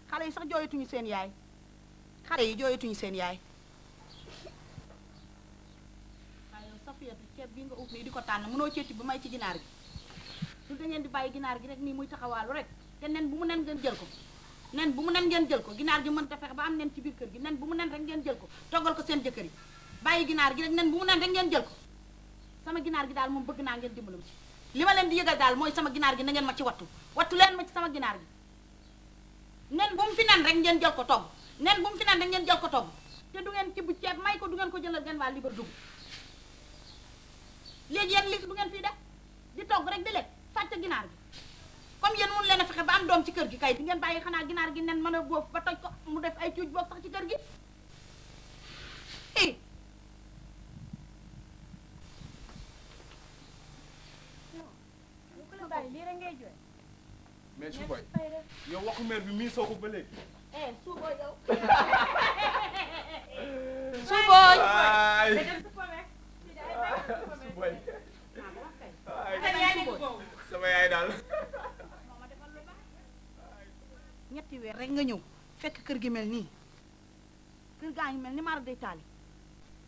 xale yi sax jooyatuñu seen yaay xale yi jooyatuñu seen yaay suuf di ko tànn mënoo cee bu may ci ginar gi du da ngeen di baye ginar gi rek ni muy taxawalu rek te nen bu mu nen ngeen jël ko nen bu mu nen ngeen jël ko ginar gi mën ta fex ba am nen ci bir kër gi nen bu mu nen rek ngeen jël ko togal ko seen jëkëri baye ginar gi rek nen bu mu nen rek ngeen jël ko sama ginar gi dal moom bëgg na ngeen dimbalam ci lima di yëgal dal moy sama ginar gi na ngeen ma ci wattu wattu leen ma ci sama ginar gi nen bu mu fi nen rek ngeen jël ko tok nen bu mu fi nen rek ngeen jël ko tok te du ngeen ci bu may ko du ngeen ko jëlal ngeen wa dug légui yeen lis bu ngeen fi def di tok rek di lek fatte ginar gi comme yeen mun leena fexé ba am doom ci kër gi kay di ngeen bayyi xana ginar gi nen mëna a ba toj ko mu def ay cuuj bok sax ci kër gi mais sama yaay daal ñetti weer rek nga ñëw fekk kër gi mel kër gaa ni mara day taali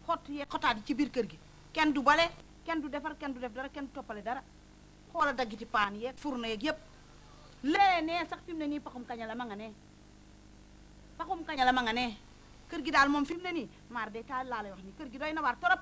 xott yee xotaat yi ci biir kër gi kenn du bale kenn du defar kenn du def dara kenn du toppale dara xoola daggiti paan yeeg furna yeeg yépp lee sax fi ne nii paxum kaña la ma nga nee paxum kaña la ma nga nee kër gi daal moom fi mu ne nii maar day taal laa lay wax ni kër gi torop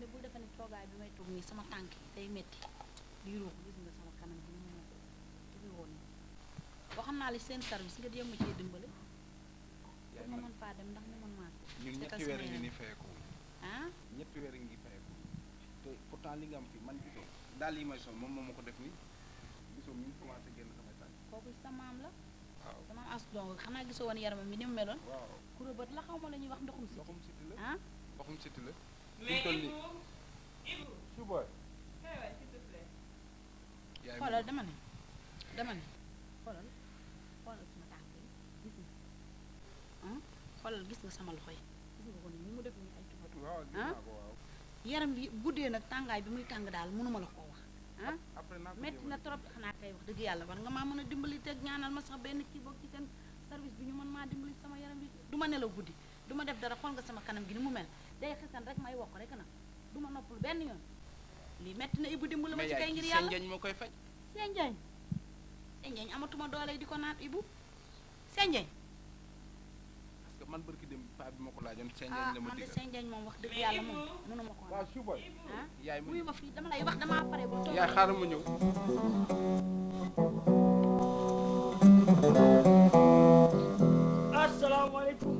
ne bul defe ne bi may toog nii sama tànk yi day metti di ruux gis nga sama kanam ne tubi xam naa li seen service nga jéem a dimbale pour ma mën faa dem ndax ñu mën maa ñun ñetti weer ngi ni fayeku ah ñetti li nga am fii man gisoo daal yi may sol moom moom ma ko def ni gisoo ñu commencé génn samay tànk sa maam la waaw sama as dong xanaa gisoo woon yaramam bi ni mu meloon. waaw la xaw ma la ñuy wax ndoxum siti. ndoxum la. Ibu ya, Ibu Chouboy Kalau ada mana? Ada mana? Kalau, kalau gitu. gitu gitu, cuma ne xoolal hah? Kalau tànk yi gis nga xoolal gis nga sama loxo yi gis nga ko ni ni mu def ni ay tubaab yaram bi guddee nag tàngaay bi muy tàng daal mënuma la koo wax ah metti na trop xanaa kay wax dëgg yàlla war nga maa mën service binyuman ñu mën sama yaram bi du ma nelaw guddi du ma def dara sama kanam gi ni day xesan rek may wokk rek na duma noppul ben yoon li metti na ibu dimbali ma ci kay ngir yalla senjañ mo koy fajj faj senjañ senjañ amatuma doole di ko naan ibu senjañ parce que man barki dem pa bi ma ko laajoon senjañ ah, la ah? ma digal senjañ mom wax dëgg yalla mom munu mako ko waaw suboy yaay muy ma fi dama lay wax dama paré bu toog yaay xaaral ñew assalamu alaykum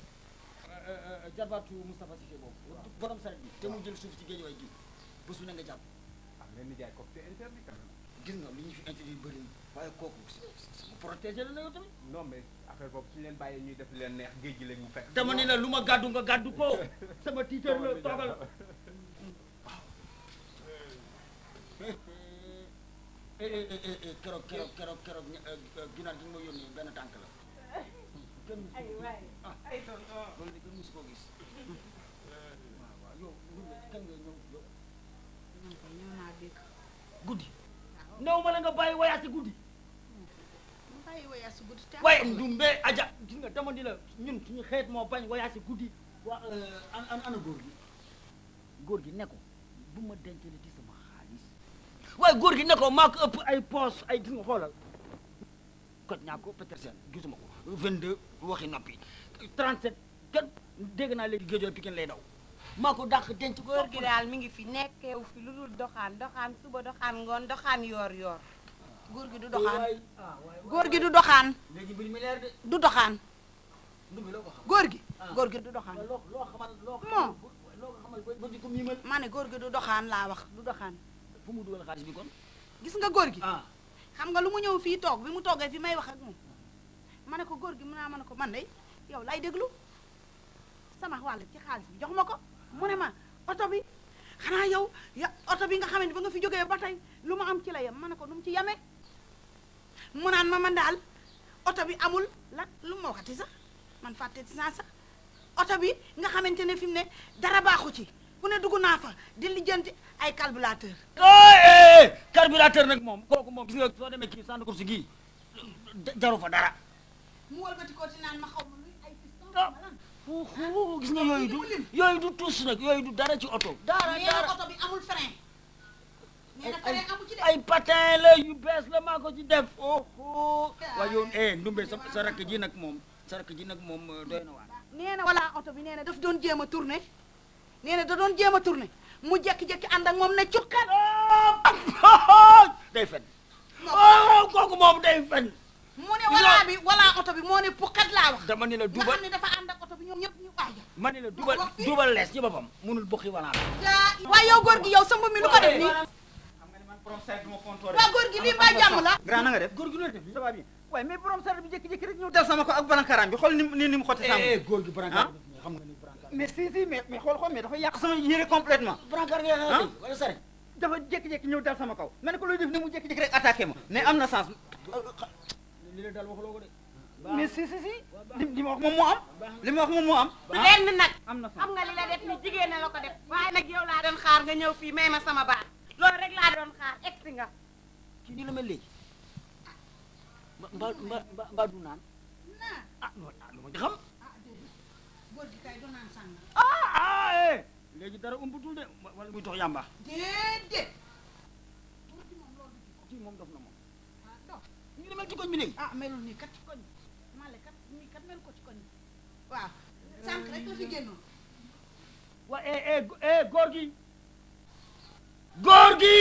jarbaatu Moustapha Cissé boobu. waaw borom saret bi te mu jël suuf ci géej waay gi bés bu ne nga jàpp. ah mais ni jaay kooku te interdit quand gis nga li ñu fi interdit bëri waaye kooku sama protégé la na yow tamit. non mais affaire boobu su leen bàyyee ñuy def leen neex géej gi la ñu fekk. dama ne la lu ma gàddu nga gàddu ko sama tiitër la toogal. Eh, eh, eh, keroog keroog keroog ginaar gi nga ma yónnee benn tànk la. kenn ay waay nga ñëw yow guddi néew ma la nga bàyyi wayaasi guddi bàyyi wayaasi guddi te waaye ndumbe aja gis nga dama di la ñun suñu xeet moo bañ wayaasi guddi ana góor gi góor gi ne bu ma dencale di sama xaalis waaye góor gi ne ko maa ko ay poos ay gis nga xoolal koj naa Petersen gisuma ko 22 waxi noppi 37 kenn dégg naa léegi géejoo Pikine lay daw maa ko dàq denc ko góor gi daal mi ngi fi nekkeewu fi lu dul doxaan doxaan suba doxaan ngoon doxaan yoor yoor góor gi du doxaan ah, góor gi du doxaan du doxaan góor gi ah. góor gi du doxaan moom ma ne góor gi du doxaan laa wax du doxaan fu mu dugal xaalis bi kon gis nga góor gi ah. xam nga lu mu ñëw fii toog bi mu toog toogee fi may wax ak moom ma ne ko góor gi mun naa ma ne ko man de yow lay déglu sama wàll ci xaalis bi jox ma ko mu ne ma oto bi xanaa yow ya oto bi nga xam ne ba nga fi jógee ba tey lu ma am ci la yem ma ne ko nu mu ci yemee mu naan ma man daal oto bi amul la lu ma waxati sax man fàtte naa sax oto bi nga xamante ne fi mu ne dara baaxu ci ku ne naa fa di lijjanti ay carburateur carburateur nag moom kooku moom gis nga soo demee kii sànni ko si gii jaru fa dara mu wëlbati ko ci naan ma xaw ma luy ay piston ma ah, lan fuuxu ah, gis nga yooyu du yooyu du tuus nag yooyu du dara ci oto dara dara oto bi amul frein ay patin la yu bees la maa ko ci def oho oh. waaye yow eh ndumbe sa sa rakk ji nag moom sa rakk ji nag moom eh, doy na waar nee na walla oto bi nee na daf doon jéem a tourné nee na da doon jéem a tourné mu jékki-jékki ànd ak moom ne cuqet day fen oh, kooku moom day fen mu ne walaa bi walaa oto bi moo ne pukat laa wax. dama ni la dubal nga xam ne dafa ànd ak oto bi ñoom ñëpp ñu bàyyi. ma ni la dubal dubal lees ci boppam munul bokki walaa la. waaye yow góor gi yow sa mbubb mi lu ko def nii. borom saret bi ma fontoore waaw góor gi lii mbaa jàmm la grand na nga def góor gi loolu def ça va bien waaye mais borom saret bi jékki-jékki rek ñëw dal sama ko ak brancaraan bi xool ni ni ni mu xotti sama eh, eh, góor gi brancaraan ah? bi xam nga ni brancaraan mais si si mais mais xool xool mais dafa yàq sama yére complètement brancaraan nga ah? wala saret dafa jékki-jékki ñëw dal sama kaw ma ne ko looy def ni mu jékki-jékki rek attaqué ma mais am na sens euh, euh, li la dal si si si li ma wax moom moo am li ma wax moom moo am lenn nag am na xam nga li la def ni jigéen na la ko def waaye nag yow laa doon xaar nga ñëw fii may ma sama baat loolu rek laa doon xaar egsi nga kii nii la mel léegi mbaa mbaa mbaa du naan ah non ah lu ma ah, ah ah eh. léegi dara umbutul de wala muy tox yàmba demal ci koñ bi léegi. ah melul nii kat ci koñ bi Malle kat nii kat melu ko ci koñ bi waaw. sànq rek la fi génnoon. wa eh eh, eh góor gi. góor gi.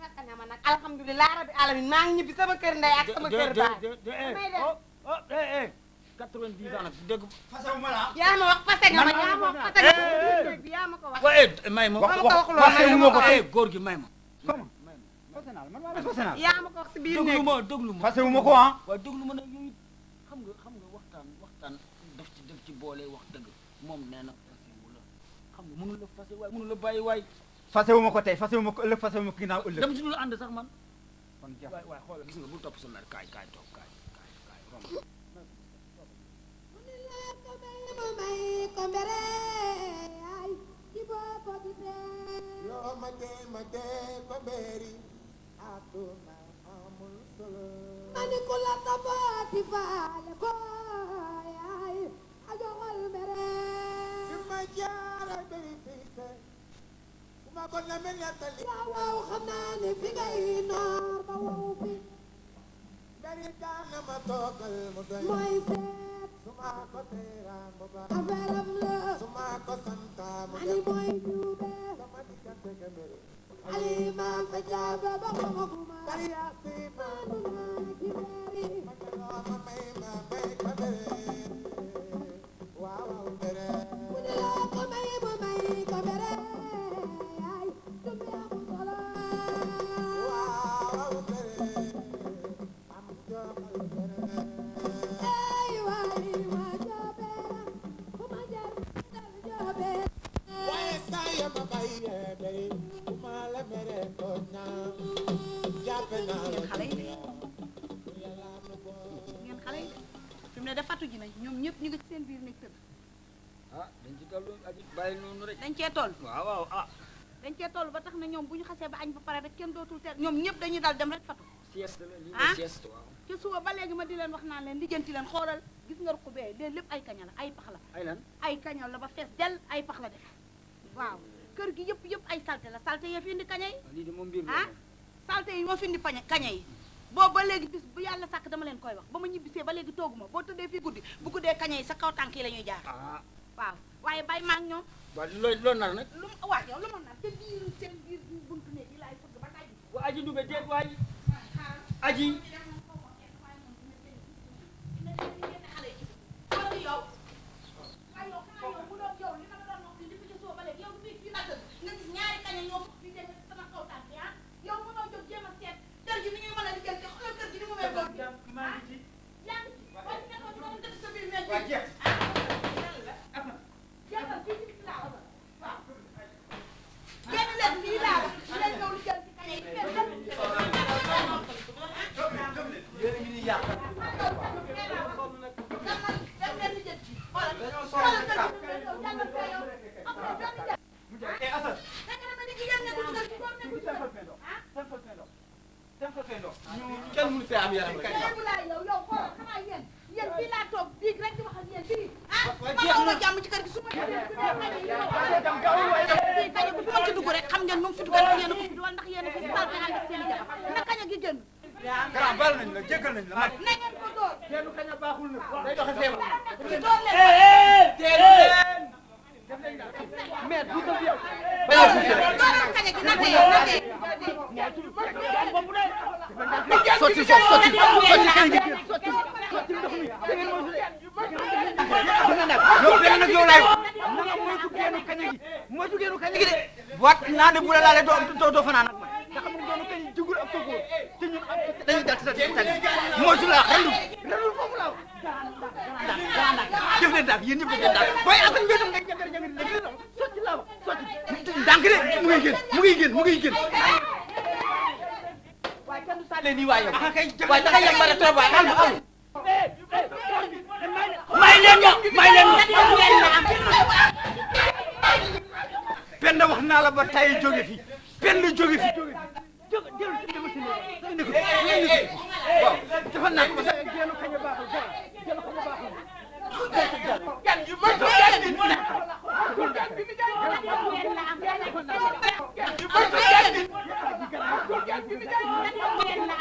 fàtte nga ma nag alhamdulilah rabbi alamin maa ngi ñibbi sama kër ndey ak sama kër baay. Eh, damay dem oh oh eh eh. 90 ans nag dégg. fasaw ma la. yaa ma wax fase nga ma yaa ma wax fase nga ma. Eh, yaa ma ko wax. waaye may ma. wax wax wax wax góor gi may ma. national man maa def national. yaa ma ko wax si ko ah. waaw déglu ma nag yooyu xam nga xam nga waxtaan waxtaan daf ci daf ci boole wax dëgg moom nee na fàttewu la nga ma ko tey fàttewu ma ko ëllëg fàttewu ma ko ginnaaw ëllëg. dama ci dul ànd sax man. kon jafe waay waay xoolal gis nga bul topp sa mer kaay ma toll. waaw waaw ah. dañ ba tax na ñoom bu ñu xasee ba añ ba pare rek kenn dootul teel ñoom ñëpp dañuy dal dem rek. ఉన్నారు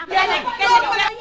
kenn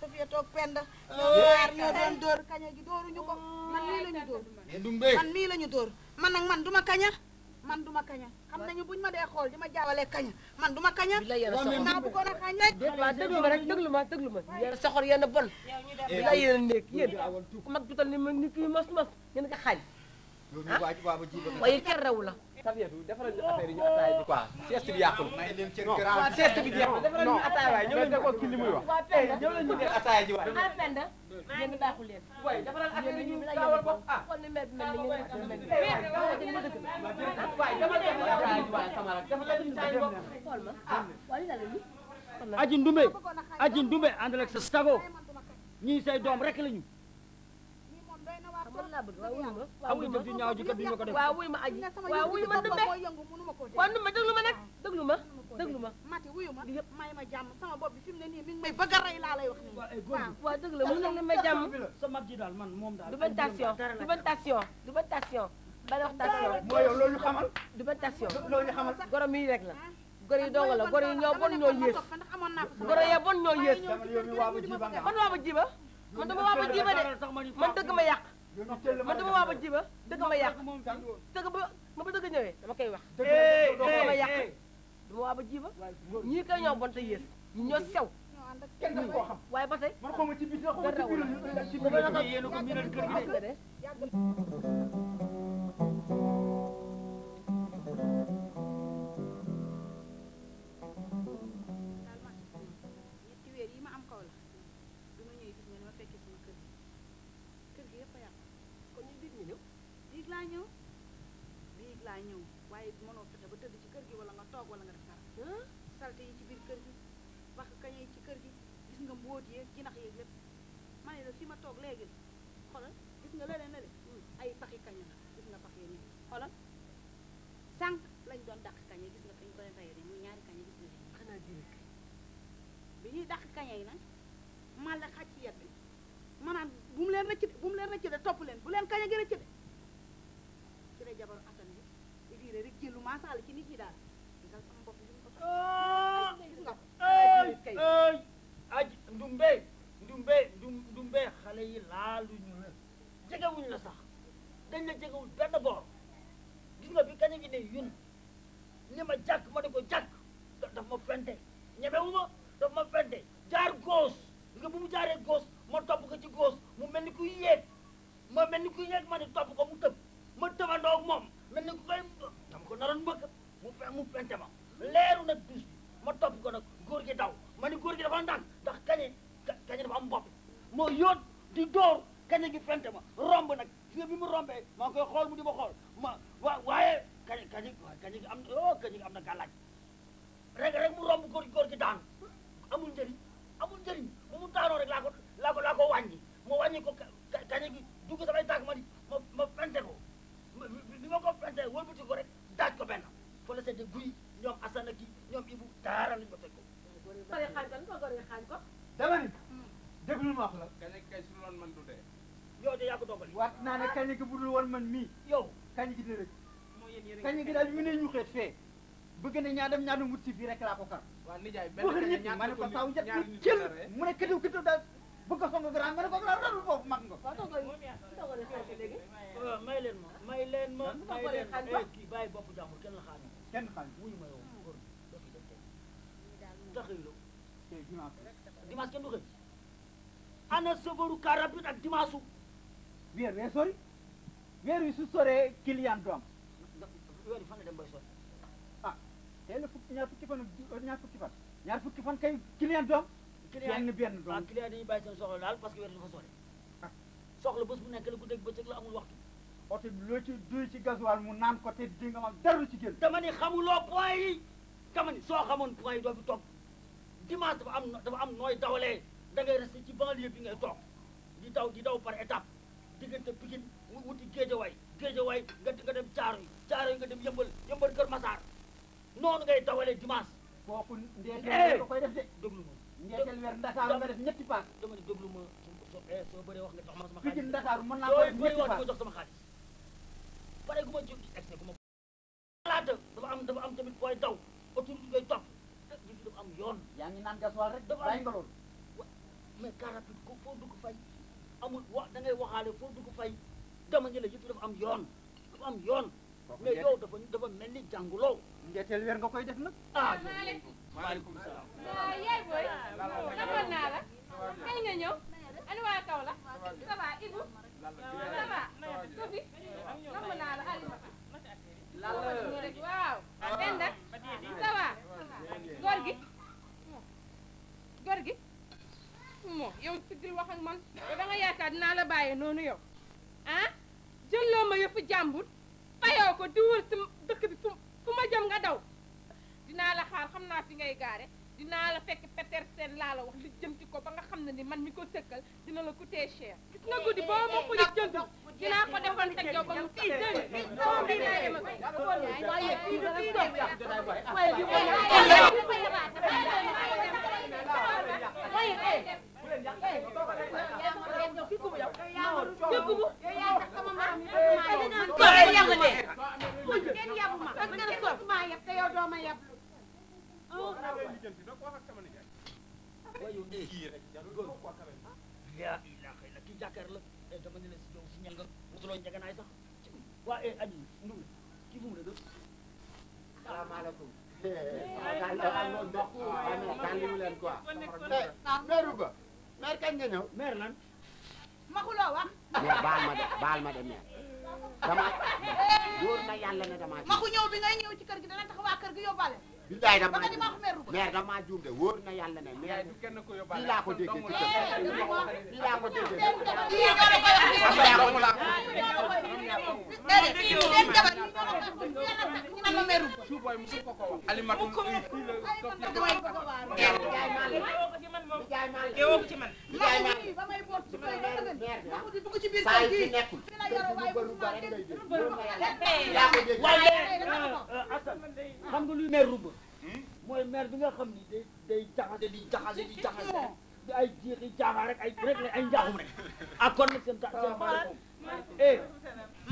Safia toog pend ñoom ñaar ñoo doon dóor kaña gi dóoruñu ko man lii la ñu dóor man lii la ñu door man nag man duma kaña man duma kaña xam nañu buñ ma dee xool di ma jaawale kaña man duma kaña naa bëggoon a kañ rek waaw déglu ma rek déglu ma déglu ma yéen soxor yéen a bon bi la yéen a nekk yéen ku mag jutal ni ma ni kii mos mos ngeen nga xaaj waaye kenn raw la Safiyatu defaral ñu affaire yi ñu attaaya bi quoi sieste bi ni sa say doom rek lañu xamuñ jëf ju ñaaw ji kat duñ ma ko def waaw wuy ma aji waaw wuy ma ndëmbe waaw ndëmbe déglu ma nag déglu ma déglu ma mati wuyu ma may ma jàmm sama bopp bi fi mu ne nii mi ngi may bëgg a rey laa lay wax nii waaw waaw déglu ma mu ne ma jàmm sa mag ji daal man moom daal du ba station du ba station du ba station bala wax station mooy yow loolu xamal du ba station loolu xamal gorom yi rek la goro yi dong la goro yi ñoo bon ñoo yées goro ya bon ñoo yées man waa ba jiba man dama waa ba jiba de man dëgg ma yàq man dama waa ba jiba dëgg ma yàq dëgg ba ma ba dëgg ñëwee dama koy wax dëgg ma yàq dama waa ba jiba ñii koy ñoo bon te yées ñu ñoo sew kenn dafa koo xam waaye ba tey man xaw ma ci biir xaw ma ci biir ci biir yéen a ko miinal kër gi de wat naa ne kañ gi budul woon man mii yow kañ gi dina rëcc kañ gi daal mu ne ñu fee bëgg na ñaa dem ñaa dem wut si fii rek laa ko kar waaw nijaay benn ñett ma ne ko saw njëkk jël mu ne këtiw këtiw daal bëgg ko song grand nga ne ko grand dalul foofu mag nga may leen ma may leen ma may leen ma eh, kii bàyyi bopp jàmbur kenn la xaar kenn xaar wuyu ma yow taxëy la dimanche kenn du xëy ana sëfaru car rapide ak dimanche weer wee sori weer wi su soree client du am weer wi fan la dem bay sori ah tey la fukki ñaar fukki fan ñaar fukki fan ñaar fukki fan kay client du am benn benn doom client ah, dañuy bàyyi seen soxla laal parce que weer dafa sori ah. soxla bés bu nekk la guddeeg bëccëg la amul waxtu oto bi ci duy ci gasoil mu naan ko te di nga ma dara ci génn dama ni xamuloo point yi dama ni soo xamoon point yi doo fi toog dimanche dafa am dafa am nooy dawalee da ngay resté ci banlieue bi ngay toog daw par étape diggante Pikine wuti géejawaay géejawaay nga nga dem caaro yi nga dem yëmbal yëmbal Kër Masaar noonu ngay dawalee dimanche. kooku ndeetel ko eh! koy def de. déglu ma ndeetel weer Ndakaaru nga def ñetti paas. dama ne déglu ma eh, soo bëree wax nga jox ma sama xaalis. Pikine Ndakaaru mën naa ko def ñetti paas soo bëree wax nga jox sama xaalis. pare gu ma jóg excès gu ma. xalaata dafa am dafa am tamit booy daw autorité ngay topp. ñu eh, ngi dafa am yoon. yaa ngi amul wax da ngay waxaale foo dugg fay dama ngi la dafa am yoon dafa am yoon mais yow dafa mel ni jànguloo ndeeteel weer nga koy def nag ah, ah maaleykum salaam waaw ah, yaay booy namoon naa la kañ nga ñëw ani waa kaw la ça va Ibou ça va naa la Aliou waaw Penda ça va góor gi moo yow siggil wax ak man da nga yaakaar dinaa la bàyyee noonu yow ah jëlloo ma yëfu jàmbur fayoo ko di wër si dëkk bi fu ma jëm nga daw dinaa la xaar xam naa fi ngay gaare dinaa la fekk peter seen laalo la wax li jëm ko ba nga xam ne ni man mi ko sëkkal dina la coûter cher gis nga guddi boo ma ko li jënd dinaa ko defal teg yow ba mu fii jënd salaamaaleykum. maa ngi leen quoi. mère Uba. mère kañ nga ñëw. mère lan. waxuloo wax. mais baal ma de baal ma de mère dama. wóor na yàlla ne damaa. maxu ñëw bi ngay ñëw ci kër gi dana tax waa kër gi yóbbaale. billaay dama juum mère dama juum de wóor na yàlla ne mère fii laa ko déggee ci kër fii laa ko déggee ci kër fii laa ko mooy maire bi nga xam ni day day jaxase di jaxase di jaxase di ay jiixi jaaxal rek ay rek ay njaaxum rek ak ah, kon nag seen eh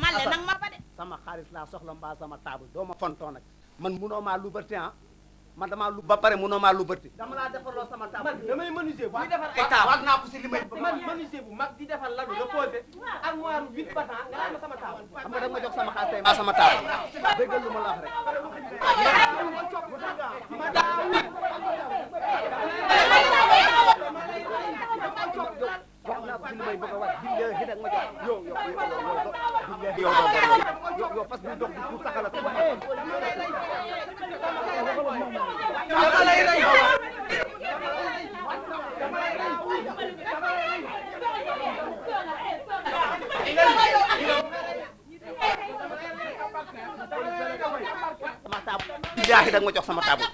man le ma ba de sama xaalis laa soxla mbaa sama table doo ma fontoon nag man munoo maa liberté man damaa lu ba pare munoo maa lu bëtt. dama laa defarloo sama table. man damay menuisier bu ay table war naa ko si li may. man bu mag di defar ladu reposé armoire bu huit battant nga laaj ma sama table. xam nga da ma jox sama xaalis tey sama table. déggal lu ma la wax rek. sou sama table